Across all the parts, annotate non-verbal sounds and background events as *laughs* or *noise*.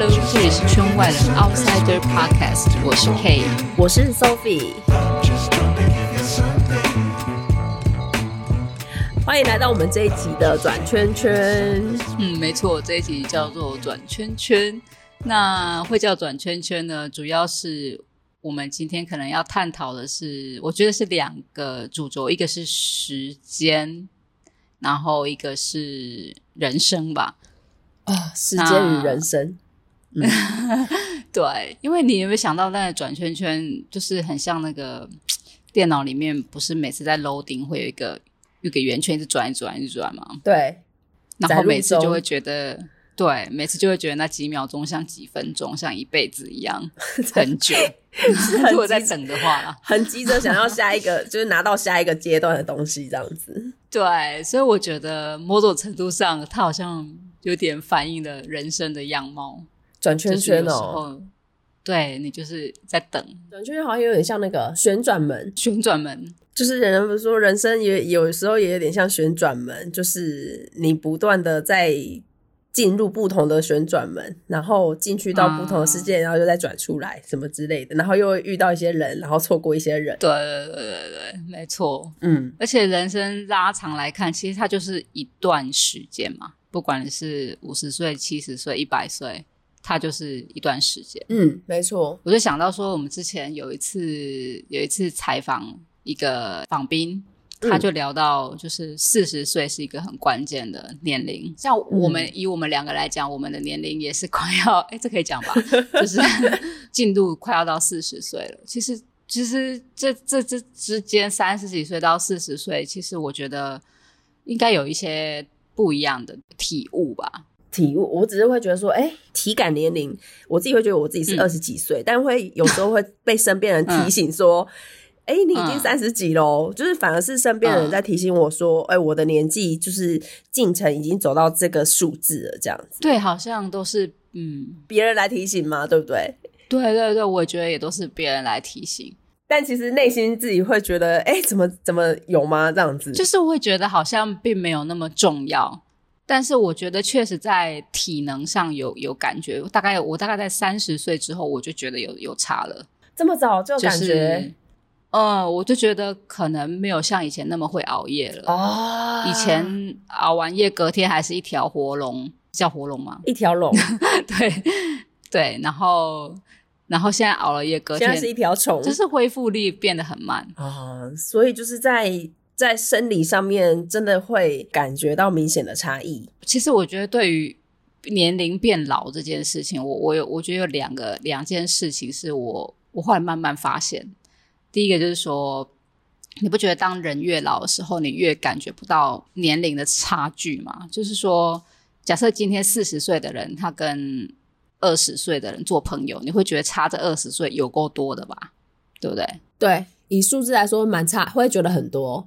Hello，這裡是《圈外人》Outsider Podcast，我是 Kay，我是 Sophie，歡迎來到我們這一集的轉圈圈。嗯，沒錯，這一集叫做轉圈圈。那會叫轉圈圈呢，主要是我們今天可能要探討的是，我覺得是兩個主軸，一個是時間，然後一個是人生吧。啊，時間與人生。嗯、 *laughs* 對，因為你有沒有想到，那個轉圈圈就是很像那個電腦裡面，不是每次在 loading 會有一個有一個圓圈，圈一直轉一一、轉、轉嘛？對，然後每次就會覺得，對，每次就會覺得那幾秒鐘像幾分鐘，像一輩子一樣， *laughs* 很久。如果再等的話，很急着想要下一個， *laughs* 就是拿到下一個階段的東西，這樣子。對，所以我覺得某種程度上，它好像有點反映了人生的樣貌。轉圈圈哦、喔，對你就是在等轉圈圈，好像有點像那個旋轉門。旋轉門就是人們說人生也有時候也有點像旋轉門，就是你不斷的在進入不同的旋轉門，然後進去到不同的世界，嗯、然後又再轉出來什麼之類的，然後又會遇到一些人，然後錯過一些人。對對對對對，沒錯。嗯，而且人生拉長來看，其實它就是一段時間嘛，不管是五十歲、七十歲、一百歲。他就是一段時間，嗯，沒錯。我就想到說，我們之前有一次有一次採訪一個訪賓，他就聊到，就是四十歲是一個很關鍵的年齡。像我們、嗯、以我們兩個來講，我們的年齡也是快要，哎、欸，這可以講吧？ *laughs* 就是進度快要到四十歲了。其實，其實，這這這之間三十幾歲到四十歲，其實我覺得應該有一些不一樣的體悟吧。體悟，我只是會覺得說，哎、欸，體感年齡，我自己會覺得我自己是二十幾歲，嗯、但會有時候會被身邊人提醒說，哎、 *laughs* 嗯欸，你已經三十幾嘍。嗯、就是反而是身邊的人在提醒我說，哎、欸，我的年紀就是進程已經走到這個數字了，這樣子。對，好像都是嗯，別人來提醒嘛，對不對？對對對，我覺得也都是別人來提醒。但其實內心自己會覺得，哎、欸，怎麼怎麼有嗎？這樣子。就是我會覺得好像並沒有那麼重要。但是我覺得確實，在體能上有有感覺。大概有我大概在三十歲之後，我就覺得有有差了。這麼早就感覺？嗯、就是呃，我就覺得可能沒有像以前那麼會熬夜了。哦，以前熬完夜隔天還是一條活龍，叫活龍嗎？一條龍。 *laughs* 對對，然後然後現在熬了夜隔天現在是一條蟲，就是恢復力變得很慢啊、哦。所以就是在。在生理上面，真的會感覺到明顯的差異。其實，我覺得對於年齡變老這件事情，我我有我覺得有兩個兩件事情，是我我後來慢慢發現。第一個就是說，你不覺得當人越老的時候，你越感覺不到年齡的差距嗎？就是說，假設今天四十歲的人，他跟二十歲的人做朋友，你會覺得差這二十歲有夠多的吧？對不對？對，以數字來說，蠻差，會覺得很多。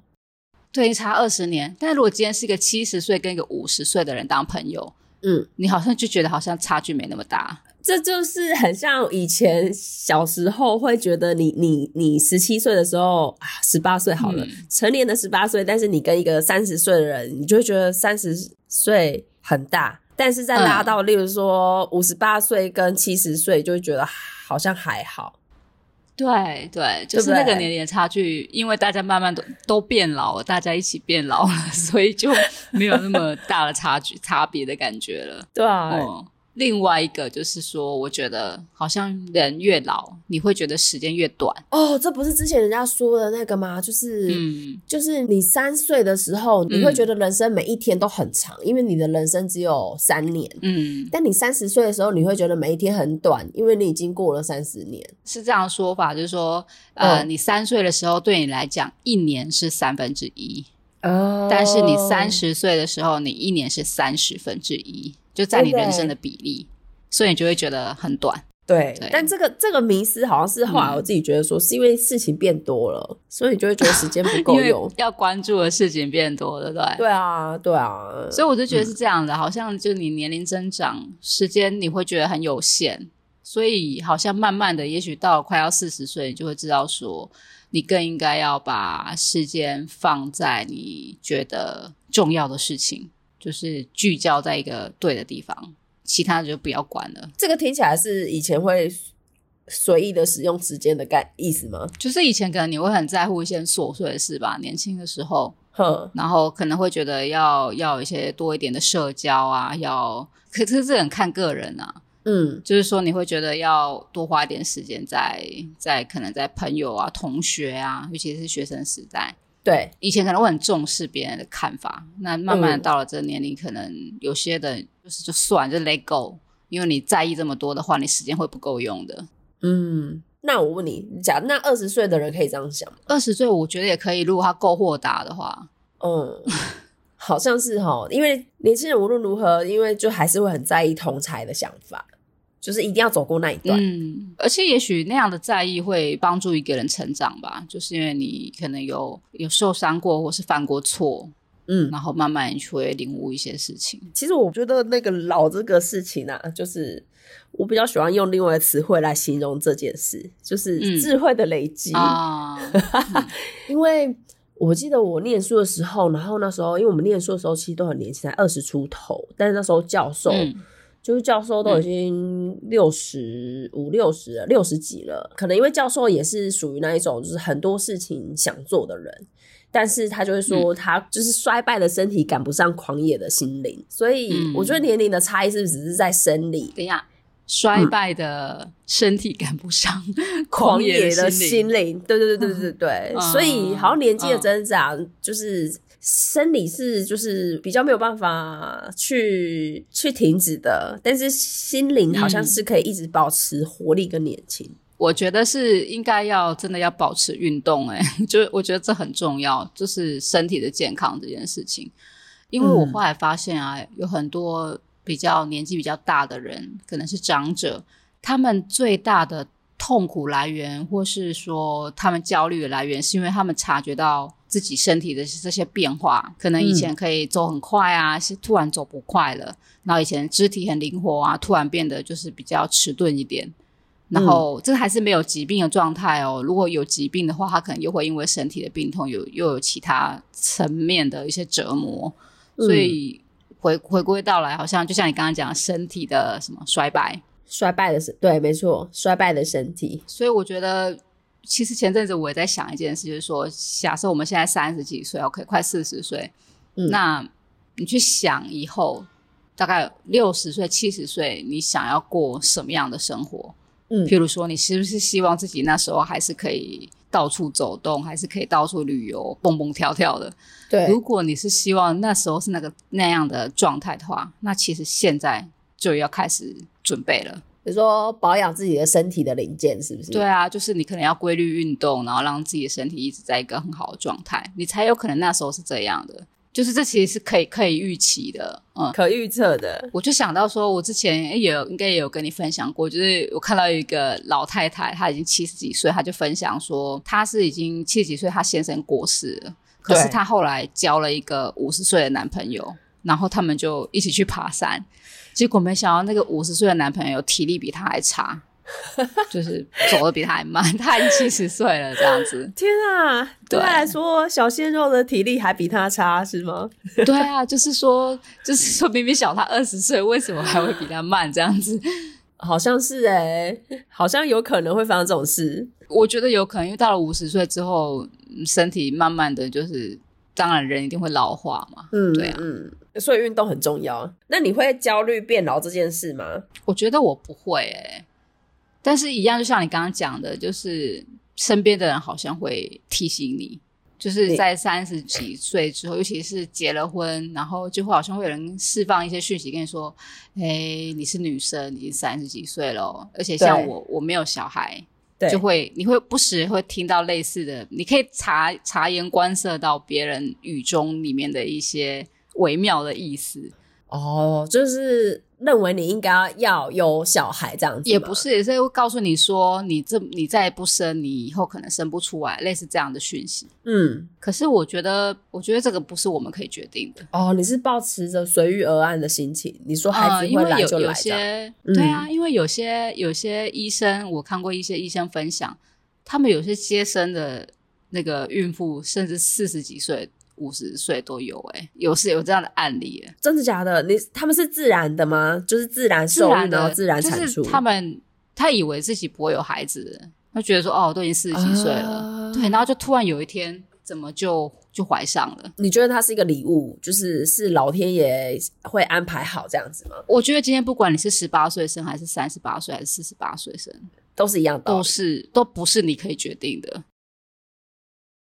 對，差二十年。但如果今天是一個七十歲跟一個五十歲的人當朋友，嗯，你好像就覺得好像差距沒那麼大。這就是很像以前小時候會覺得你你你十七歲的時候啊，十八歲好了，嗯、成年的十八歲。但是你跟一個三十歲的人，你就會覺得三十歲很大。但是再拉到，例如說五十八歲跟七十歲，嗯、就會覺得好像還好。對對，就是那個年齡差距，對對，因為大家慢慢都都變老了，大家一起變老了，所以就沒有那麼大的差距 *laughs* 差別的感覺了。對啊。嗯另外一個就是說，我覺得好像人越老，你會覺得時間越短。哦，這不是之前人家說的那個嗎？就是，嗯、就是你三歲的時候，你會覺得人生每一天都很長，嗯、因為你的人生只有三年。嗯。但你三十歲的時候，你會覺得每一天很短，因為你已經過了三十年。是這樣說法，就是說，呃，嗯、你三歲的時候，對你來講，一年是三分之一。哦、嗯。但是你三十歲的時候，你一年是三十分之一。就佔你人生的比例，對，對，所以你就會覺得很短。對，對但這個，這個迷思好像是好、啊，後來、嗯、我自己覺得說，是因為事情變多了，所以你就會覺得時間不夠用， *laughs* 要關注的事情變多，對，對？對啊，對啊。所以我就覺得是這樣的，嗯、好像就你年齡增長，時間你會覺得很有限，所以好像慢慢的，也許到了快要四十歲，你就會知道說，你更應該要把時間放在你覺得重要的事情。就是聚焦在一個對的地方，其他的就不要管了。這個聽起來是以前會隨意的使用時間的概意思嗎？就是以前可能你會很在乎一些瑣碎的事吧，年輕的時候，哼呵，然後可能會覺得要要有一些多一點的社交啊，要，可是這很看個人啊，嗯，就是說你會覺得要多花一點時間在，在可能在朋友啊、同學啊，尤其是學生時代。對，以前可能會很重視別人的看法，那慢慢的到了這年齡，嗯、可能有些的，就是就算就 let go，因為你在意這麼多的話，你時間會不夠用的。嗯，那我問你，假那二十歲的人可以這樣想嗎？二十歲我覺得也可以，如果他夠豁達的話。嗯，好像是哈、喔， *laughs* 因為年輕人無論如何，因為就還是會很在意同儕的想法。就是一定要走過那一段，嗯，而且也許那樣的在意會幫助一個人成長吧，就是因為你可能有有受傷過，或是犯過錯，嗯，然後慢慢就會領悟一些事情。其實我覺得那個老這個事情啊，就是我比較喜歡用另外的詞彙來形容這件事，就是智慧的累積啊。嗯， *laughs* 因為我記得我念書的時候，然後那時候因為我們念書的時候其實都很年輕，才二十出頭，但是那時候教授，嗯就是教授都已經六十五六十了六十幾了，可能因為教授也是屬於那一種，就是很多事情想做的人，但是他就會說，他就是衰敗的身體趕不上狂野的心靈，嗯、所以我覺得年齡的差異是只是在生理，對呀、嗯，嗯、衰敗的身體趕不上狂野的心靈，對、嗯、對對對對對，所以好像年紀的增長就是。生理是就是比較沒有辦法去去停止的，但是心靈好像是可以一直保持活力跟年輕。嗯，我覺得是應該要真的要保持運動，欸，哎，就我覺得這很重要，就是身體的健康這件事情。因為我後來發現啊，有很多比較年紀比較大的人，可能是長者，他們最大的痛苦來源，或是說他們焦慮的來源，是因為他們察覺到。自己身體的這些變化，可能以前可以走很快啊，嗯、是突然走不快了，然後以前肢體很靈活啊，突然變得就是比較遲鈍一點。然後、嗯、這個還是沒有疾病的狀態哦。如果有疾病的話，他可能又會因為身體的病痛，有又，又有其他層面的一些折磨。嗯、所以回回歸到來，好像就像你剛剛講，身體的什麼衰敗，衰敗的，對，沒錯，衰敗的身體。所以我覺得。其實前陣子我也在想一件事，就是說，假設我們現在三十幾歲，OK，快四十歲，嗯，那你去想以後，大概六十歲、七十歲，你想要過什麼樣的生活？嗯，譬如說，你是不是希望自己那時候還是可以到處走動，還是可以到處旅遊、蹦蹦跳跳的？對。如果你是希望那時候是那個，那樣的狀態的話，那其實現在就要開始準備了。比如說保養自己的身體的零件是不是？對啊，就是你可能要規律運動，然後讓自己的身體一直在一個很好的狀態，你才有可能那時候是這樣的。就是這其實是可以可以預期的，嗯，可預測的。我就想到說，我之前也有應該也有跟你分享過，就是我看到有一個老太太，她已經七十幾歲，她就分享說，她是已經七十幾歲，她先生過世了，可是她後來交了一個五十歲的男朋友，然後他們就一起去爬山。結果沒想到，那個五十歲的男朋友體力比他還差， *laughs* 就是走得比他還慢。他已七十歲了，這樣子。天啊！對，對說小鮮肉的體力還比他差是嗎？ *laughs* 對啊，就是說，就是說明明小他二十歲，為什麼還會比他慢？這樣子，好像是誒、欸、好像有可能會發生這種事。我覺得有可能，因為到了五十歲之後，身體慢慢的就是。當然，人一定會老化嘛。嗯，對啊，嗯，所以運動很重要。那你會焦慮變老這件事嗎？我覺得我不會誒、欸，但是一樣，就像你剛剛講的，就是身邊的人好像會提醒你，就是在三十幾歲之後，你尤其是結了婚，然後就會好像會有人釋放一些訊息，跟你說：“哎、欸，你是女生，已經三十幾歲了，而且像我，對我沒有小孩。”對就會，你會不時會聽到類似的，你可以察察言觀色到別人語中裡面的一些微妙的意思哦，就是。認為你應該要有小孩這樣子，也不是，也是會告訴你說你這你再不生，你以後可能生不出來，類似這樣的訊息。嗯，可是我覺得我覺得這個不是我們可以決定的。哦，你是抱持着隨遇而安的心情，你說，孩子會來就來。對啊，因為有些有些醫生，我看過一些醫生分享，他們有些接生的那個孕婦甚至四十幾歲。五十歲都有哎、欸，有是有這樣的案例哎、欸，真的假的？你他們是自然的嗎？就是自然受孕，然，的然後自然產出。他們他以為自己不會有孩子，他覺得說哦，都已經四十幾歲了，啊、對，然後就突然有一天，怎麼就就懷上了？你覺得他是一個禮物，就是是老天爺會安排好這樣子嗎？我覺得今天不管你是十八歲，歲，歲生，還是三十八歲，還是四十八歲生，都是一樣的，都是都不是你可以決定的。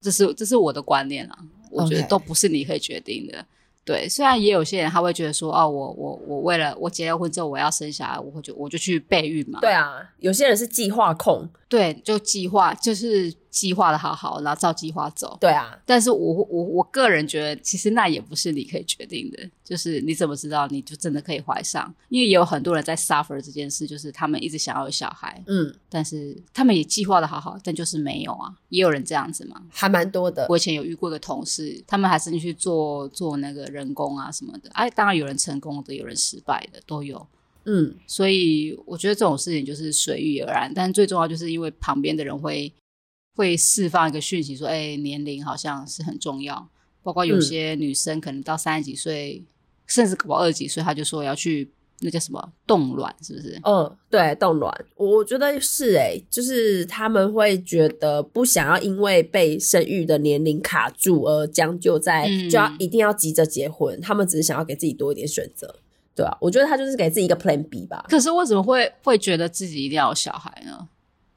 這是這是我的觀念啊。我覺得都不是你可以決定的，Okay. 對。雖然也有些人他會覺得說，哦，我我我為了我結了婚之後我要生小孩，我會就我就去備孕嘛。對啊，有些人是計劃控，對，就計劃就是。計劃的好好，然後照計劃走。對啊，但是我我我個人覺得，其實那也不是你可以決定的。就是你怎麼知道你就真的可以懷上？因為也有很多人在 suffer 這件事，就是他們一直想要有小孩，嗯，但是他們也計劃的好好，但就是沒有啊。也有人這樣子嘛，還蠻多的。我以前有遇過一個同事，他們還是去做做那個人工啊什麼的。哎、啊，當然有人成功的，有人失敗的都有。嗯，所以我覺得這種事情就是隨遇而安。但最重要就是因為旁邊的人會。會釋放一個訊息，說：“哎，年齡好像是很重要。包括有些女生可能到三十幾歲，嗯、甚至到二十幾歲，她就說要去那叫什麼凍卵，是不是？”“嗯，對，凍卵，我覺得是哎、欸，就是他們會覺得不想要因為被生育的年齡卡住而將就在就要一定要急着結婚，他們只是想要給自己多一點選擇，對吧、啊？我覺得她就是給自己一個 Plan B 吧。可是為什麼會會覺得自己一定要有小孩呢？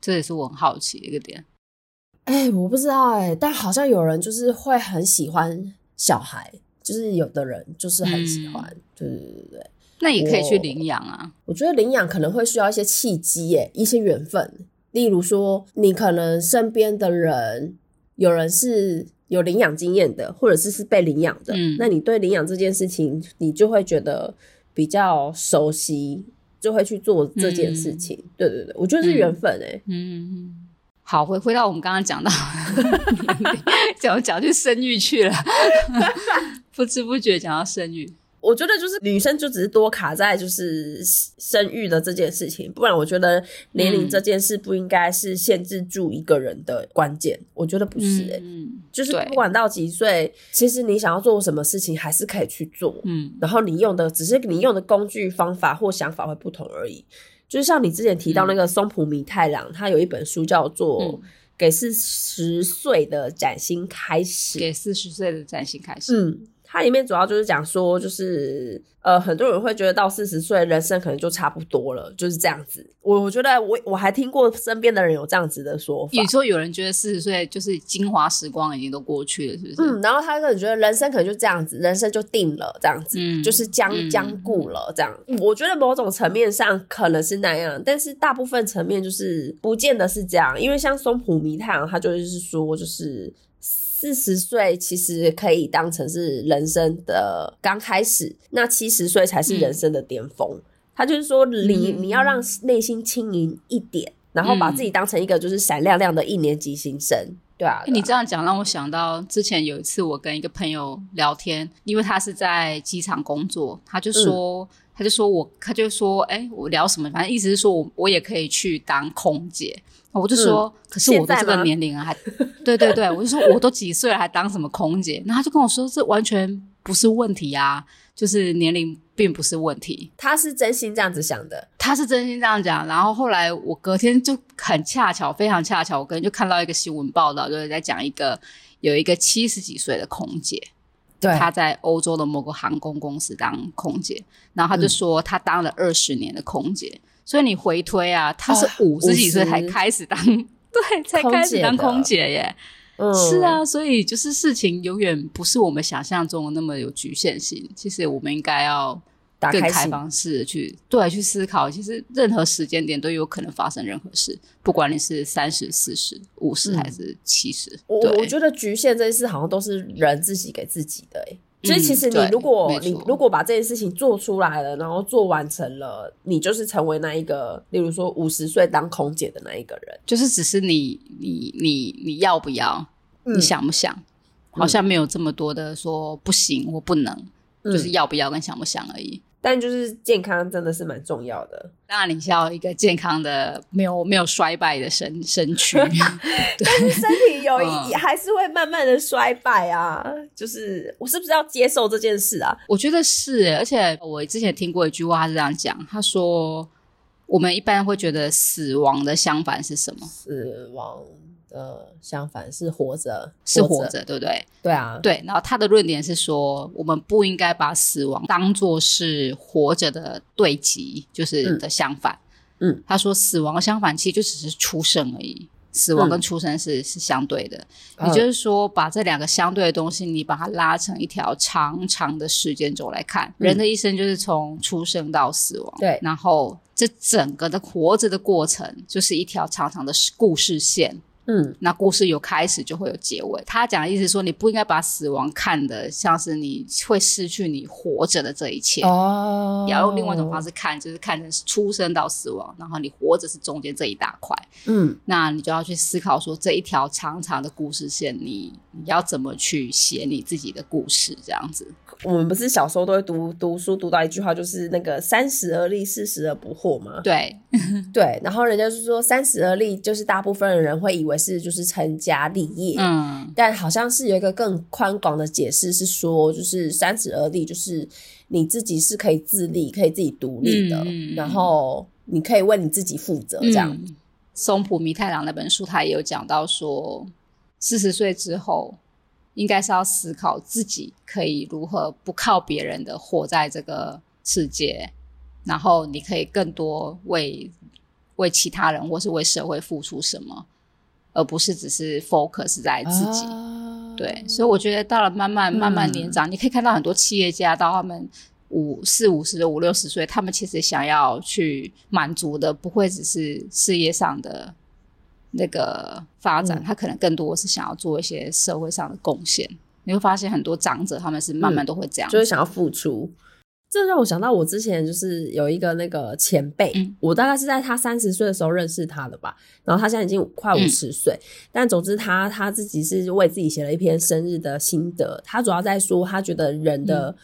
這也是我很好奇的一個點。”哎、欸，我不知道哎、欸，但好像有人就是會很喜歡小孩，就是有的人就是很喜歡，嗯、對對對對，那也可以去領養啊。我，我覺得領養可能會需要一些契機，哎，一些緣分。例如說，你可能身邊的人，有人是有領養經驗的，或者是是被領養的，嗯、那你對領養這件事情，你就會覺得比較熟悉，就會去做這件事情。嗯、對對對，我覺得是緣分哎、欸。嗯，嗯嗯嗯。好，回回到我們剛剛講到，講講 *laughs* *laughs* 就生育去了，不知不覺講到生育。我覺得就是女生就只是多卡在就是生育的這件事情，不然我覺得年齡這件事不應該是限制住一個人的關鍵。嗯、我覺得不是、欸、嗯，就是不管到幾歲，對其實你想要做什麼事情還是可以去做，嗯，然後你用的只是你用的工具、方法或想法會不同而已。就像你之前提到那個松浦彌太郎，嗯，他有一本書叫做《給四十歲的嶄新開始》。給四十歲的嶄新開始。嗯。它裡面主要就是講說，就是呃，很多人會覺得到四十歲，人生可能就差不多了，就是這樣子。我我覺得我，我我還聽過身邊的人有這樣子的說法。你說有人覺得四十歲就是精華時光已經都過去了，是不是？嗯，然後他可能覺得人生可能就這樣子，人生就定了，這樣子、嗯、就是僵僵固了。這樣，嗯、我覺得某種層面上可能是那樣，但是大部分層面就是不見得是這樣，因為像松浦彌太郎，他就是說就是。四十歲其實可以當成是人生的剛開始，那七十歲才是人生的巔峰。嗯、他就是說你，你、嗯、你要讓內心輕盈一點，然後把自己當成一個就是閃亮亮的一年級新生，嗯、對啊。對啊，你這樣講讓我想到之前有一次我跟一個朋友聊天，因為他是在機場工作，他就說。嗯他就說我，他就說，哎，我聊什麼？反正意思是說我，我也可以去當空姐。我就說，嗯、可是我的這個年齡還……對對對，我就說，我都幾歲了還當什麼空姐？那 *laughs* 他就跟我說，這完全不是問題啊，就是年齡並不是問題。他是真心這樣子想的，他是真心這樣講。然後後來我隔天就很恰巧，非常恰巧，我跟就看到一個新聞報道，就是在講一個有一個七十幾歲的空姐。對，他在歐洲的某個航空公司當空姐，然後他就說他當了二十年的空姐。嗯、所以你回推啊，他是五十幾歲才開始當，呃、對，才開始當空姐耶，姐嗯、是啊，所以就是事情永遠不是我們想象中的那麼有局限性，其實我們應該要。打開方式去，對，去思考，其實任何時間點都有可能發生任何事，不管你是三十、嗯、四十、五十還是七十。我我覺得局限這些事好像都是人自己給自己的。所以其實你如果、嗯、你錯如果把這件事情做出來了，然後做完成了，你就是成為那一個，例如說五十歲當空姐的那一個人，就是只是你你你你要不要，嗯、你想不想，好像沒有這麼多的說不行或不能，嗯、就是要不要跟想不想而已。但就是健康真的是蠻重要的，那你需要一個健康的、沒有沒有衰敗的身身軀， *laughs* 對但是身體有一、嗯、還是會慢慢的衰敗啊，就是我是不是要接受這件事啊？我覺得是，而且我之前聽過一句話，他是這樣講，他說我們一般會覺得死亡的相反是什麼？死亡。呃，相反是活着，活着是活着，對不對？對啊，對。然後他的論點是說，我們不應該把死亡當做是活着的對極，就是的相反。嗯，他說死亡相反其實就只是出生而已，死亡跟出生是、嗯、是相對的。啊、也就是說，把這兩個相對的東西，你把它拉成一條長長的時間軸來看，嗯、人的一生就是從出生到死亡。對，然後這整個的活着的過程就是一條長長的故事線。嗯，那故事有開始就會有結尾。他講的意思是說，你不應該把死亡看得像是你會失去你活着的這一切哦，你要用另外一種方式看，就是看成出生到死亡，然後你活着是中間這一大塊。嗯，那你就要去思考說，這一條長長的故事線，你你要怎麼去寫你自己的故事，這樣子。我們不是小時候都會讀讀書讀到一句話，就是那個三十而立，四十而不惑嗎？對， *laughs* 對。然後人家是說三十而立，就是大部分的人會以為是就是成家立業。嗯，但好像是有一個更寬廣的解釋，是說就是三十而立，就是你自己是可以自立，可以自己獨立的，嗯、然後你可以為你自己負責、嗯、這樣。松浦彌太郎那本書他也有講到說，四十歲之後。應該是要思考自己可以如何不靠別人的活在這個世界，然後你可以更多為為其他人或是為社會付出什麼，而不是只是 focus 在自己。啊、對，所以我覺得到了慢慢、嗯、慢慢年長，你可以看到很多企業家到他們五四五十五六十歲，他們其實想要去滿足的不會只是事業上的。那個發展，嗯、他可能更多是想要做一些社會上的貢獻。你會發現很多長者，他們是慢慢都會這樣、嗯，就是想要付出。這讓我想到，我之前就是有一個那個前輩，嗯、我大概是在他三十歲的時候認識他的吧。然後他現在已經快五十歲，嗯、但總之他他自己是為自己寫了一篇生日的心得。他主要在說，他覺得人的、嗯、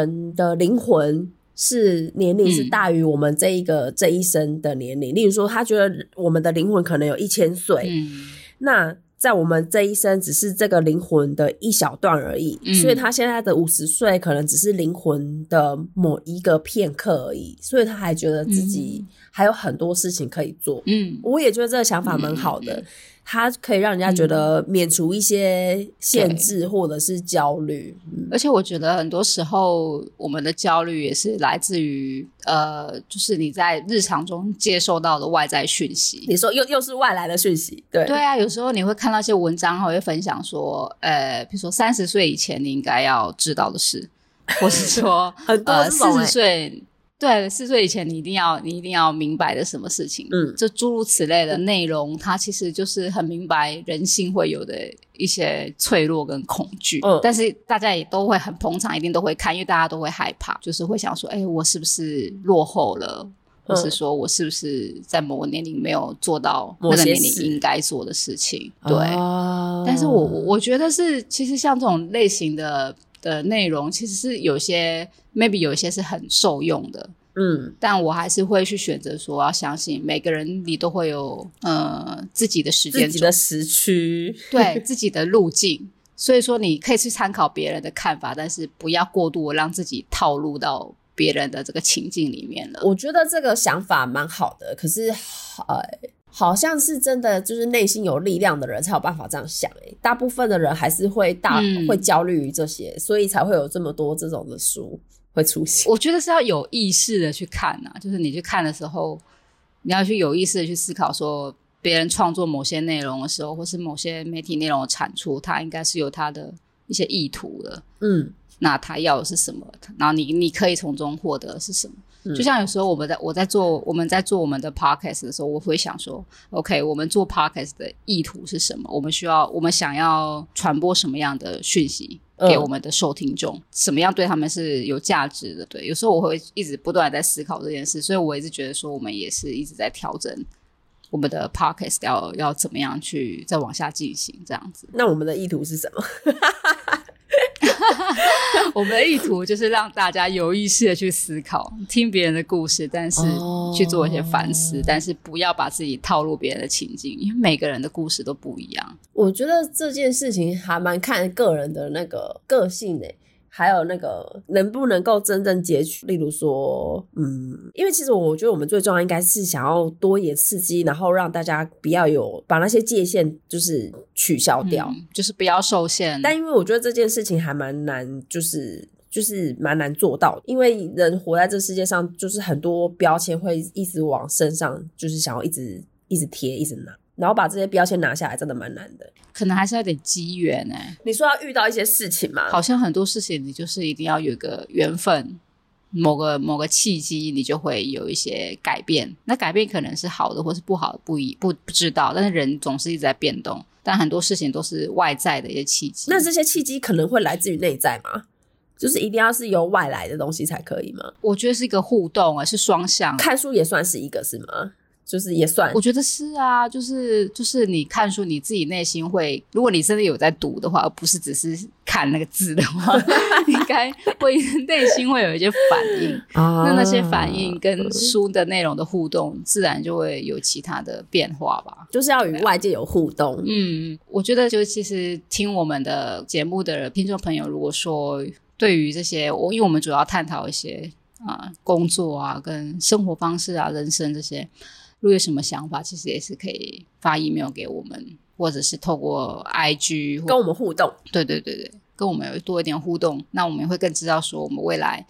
人的靈魂。是年齡是大於我們這一個這一生的年齡，嗯、例如說他覺得我們的靈魂可能有一千歲，嗯、那在我們這一生只是這個靈魂的一小段而已，嗯、所以他現在的五十歲可能只是靈魂的某一個片刻而已，所以他還覺得自己還有很多事情可以做。嗯、我也覺得這個想法蠻好的。嗯嗯它可以讓人家覺得免除一些限制，或者是焦慮，嗯嗯、而且我覺得很多時候我們的焦慮也是來自於呃，就是你在日常中接受到的外在訊息。你說又又是外來的訊息，對對啊，有時候你會看到一些文章，然後會分享說，呃，比如說三十歲以前你應該要知道的事， *laughs* 或是說 *laughs* 很多時候、呃、四十歲。對，四歲以前你一定要，你一定要明白的什麼事情，嗯，這諸如此類的內容，它其實就是很明白人性會有的一些脆弱跟恐懼。嗯、但是大家也都會很捧場，一定都會看，因為大家都會害怕，就是會想說，哎、欸，我是不是落後了，嗯、或是說我是不是在某個年齡沒有做到那個年齡應該做的事情？事對，哦、但是我我覺得是，其實像這種類型的。的內容其實是有些，maybe 有些是很受用的，嗯，但我還是會去選擇說，要相信每個人你都會有呃自己的時間、自己的時區，時區，對， *laughs* 自己的路徑。所以說你可以去參考別人的看法，但是不要過度讓自己套路到別人的這個情境裡面了。我覺得這個想法蠻好的，可是，好像是真的，就是內心有力量的人才有辦法這樣想，欸、大部分的人還是會大、嗯、會焦慮於這些，所以才會有這麼多這種的書會出現。我覺得是要有意識的去看啊，就是你去看的時候，你要去有意識的去思考，說別人創作某些內容的時候，或是某些媒體內容的產出，它應該是有它的一些意圖的。嗯。那他要的是什麼？然後你你可以從中獲得的是什麼？嗯、就像有時候我們在我在做我們在做我們的 podcast 的時候，我會想說，OK，我們做 podcast 的意圖是什麼？我們需要我們想要傳播什麼樣的訊息給我們的受聽眾？嗯、什麼樣對他們是有價值的？對，有時候我會一直不斷在思考這件事，所以我一直覺得說，我們也是一直在調整我們的 podcast 要要怎麼樣去再往下進行這樣子。那我們的意圖是什麼？ *laughs* *laughs* 我們的意圖就是讓大家有意識的去思考，聽別人的故事，但是去做一些反思，但是不要把自己套入別人的情境，因為每個人的故事都不一樣。 *laughs* 我覺得這件事情還蠻看個人的那個個性的欸。還有那個能不能夠真正截取？例如說，嗯，因為其實我覺得我們最重要應該是想要多一點刺激，然後讓大家不要有把那些界限就是取消掉，嗯、就是不要受限。但因為我覺得這件事情還蠻難，就是就是蠻難做到，因為人活在這世界上，就是很多標籤會一直往身上，就是想要一直一直貼，一直拿。然後把這些標籤拿下來，真的蠻難的，可能還是有點機緣。哎、欸。你說要遇到一些事情嗎？好像很多事情，你就是一定要有個緣分，某個某個契機，你就會有一些改變。那改變可能是好的，或是不好的，不一不不，不知道。但是人總是一直在變動，但很多事情都是外在的一些契機。那這些契機可能會來自於內在嗎？就是一定要是由外來的東西才可以嗎？我覺得是一個互動啊，是雙向。看書也算是一個，是嗎？就是也算我，我覺得是啊，就是就是你看書，你自己內心會，如果你真的有在讀的話，而不是只是看那個字的話，應 *laughs* *laughs* 該會內心會有一些反應。啊、那那些反應跟書的內容的互動，自然就會有其他的變化吧。就是要與外界有互動。嗯，我覺得就其實聽我們的節目的聽眾朋友，如果說對於這些，因為我們主要探討一些啊工作啊、跟生活方式啊、人生這些。如果有什麼想法，其實也是可以發 email 給我們，或者是透過 IG 跟我們互動。對對對對，跟我們有多一點互動，那我們也會更知道說我們未來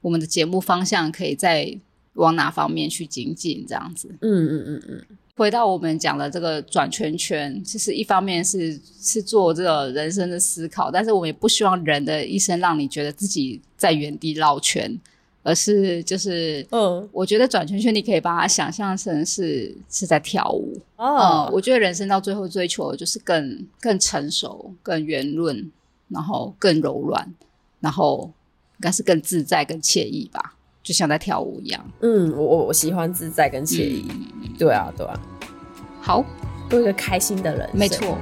我們的節目方向可以再往哪方面去精進，這樣子。嗯嗯嗯嗯。嗯嗯嗯，回到我們講的這個轉圈圈，其實一方面是是做這個人生的思考，但是我們也不希望人的一生讓你覺得自己在原地繞圈。而是就是，嗯，我覺得轉圈圈，你可以把它想象成是是在跳舞哦、嗯。我覺得人生到最後追求的就是更更成熟、更圓潤，然後更柔軟，然後應該是更自在、更愜意吧，就像在跳舞一樣。嗯，我我我喜歡自在跟愜意。嗯、對啊，對啊。好，多一個開心的人。沒錯。